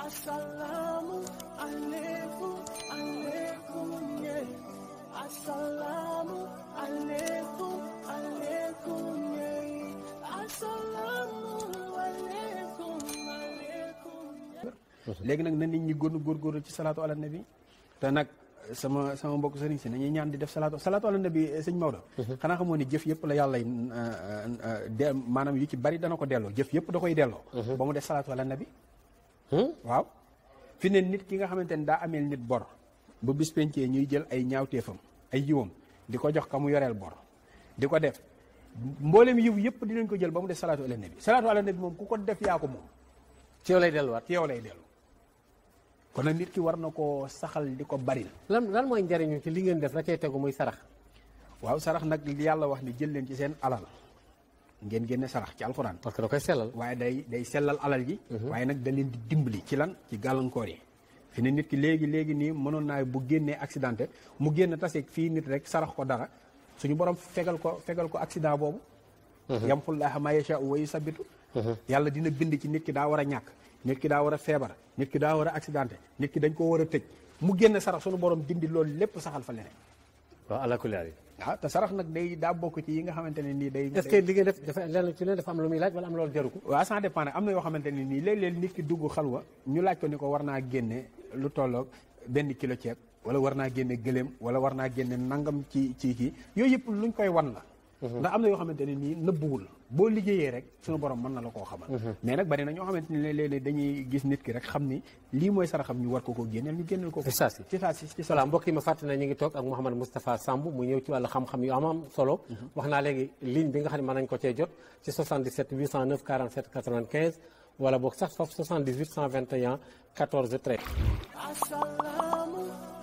Assalamu alaikum, alaikum, yeah. Assalamu alaikum, alaikum, yeah. Assalamu alaikum, alaikum. léegi nag na nit ñi góor góorgóorlu ci salaatu ala nabi te nag sama sama mbokk sëriñ si nañuy ñaan di def salaatu salaatu ala nabi eh, sëñ Maodo. Mhm. xanaa xamoo ni jëf yëpp la yàlla eh, eh, de maanaam yu ci bari dana ko delloo jëf yëpp da koy delloo. Mhm. ba mu def salaatu ala nabi. Hmm? waaw fi ne nit ki nga xamante ni daa ameel nit bor bu bis pencee ñuy jël ay ñaawteefam ay yiwam di ko jox ka mu yoreel bor di ko def mboolem yiw yëpp dinañ ko jël ba mu def salaatu ala nabi salaatu ala nabi moom ku ko def yaa ko moom ci yow lay delluwaat ci yow lay dellu kon nag nit ki war na koo saxal di ko baril lan lan mooy njariñu ci li ngeen def la cay tegu muy sarax waaw sarax nag yàlla wax ni jël leen ci seen alal ngeen génne sarax ci alxuraan. parce que da koy sellal. waaye day day sellal alal ji. Mhm. waaye nag da leen di dimbali ci lan ci gàllankoor yi. fi ne nit ki léegi léegi nii mënoon naa bu génnee accidenté mu génn fii nit rek sarax ko dara suñu borom fegal ko fegal ko accident boobu. Mhm. yamxullaaha maa yashaa'u wa yusabbitu mhm. yàlla dina bind ci nit ki daa war a ñàkk. nit ki daa war a feebar nit ki daa war a accidenté nit ki dañ koo war a tëj mu génn sarax suñu borom dindi loolu lépp saxal fa leneen. waaw ala kulli aal ah te sarax nag day daa bokk ci yi nga xamante ne nii day. est-ce que li ngeen def dafa lenn ci leen dafa am lu muy laaj wala am loolu jaru ko. waaw ça dépend am na yoo xamante ne nii léeg-léeg nit ki dugg xalwa ñu laaj ko ni ko war naa génne lu tolloog benn kilo ceeb wala war naa génne gëléem wala war naa génne nangam ci ci kii yooyu yëpp luñ koy wan la ndax am na yoo xamante ne nii nëbbuwul boo liggéeyee rek suñu borom mën na la koo xamal mhm. mais nag bari na ñoo xamante ne léeg-léeg dañuy gis nit ki rek xam ni lii mooy saraxam ñu war ko koo génneel ñu génneel ko ci saa si ci saa si ci saa mbokk yi ma na ak Mouhamed Moustapha Samb mu ñëw ci wàllu xam-xam yu am am solo mhm. wax naa léegi ligne bi nga xam ne mën nañ ko cee jot ci 77 809 47 95 wala boog sax foofu 78 121 14 13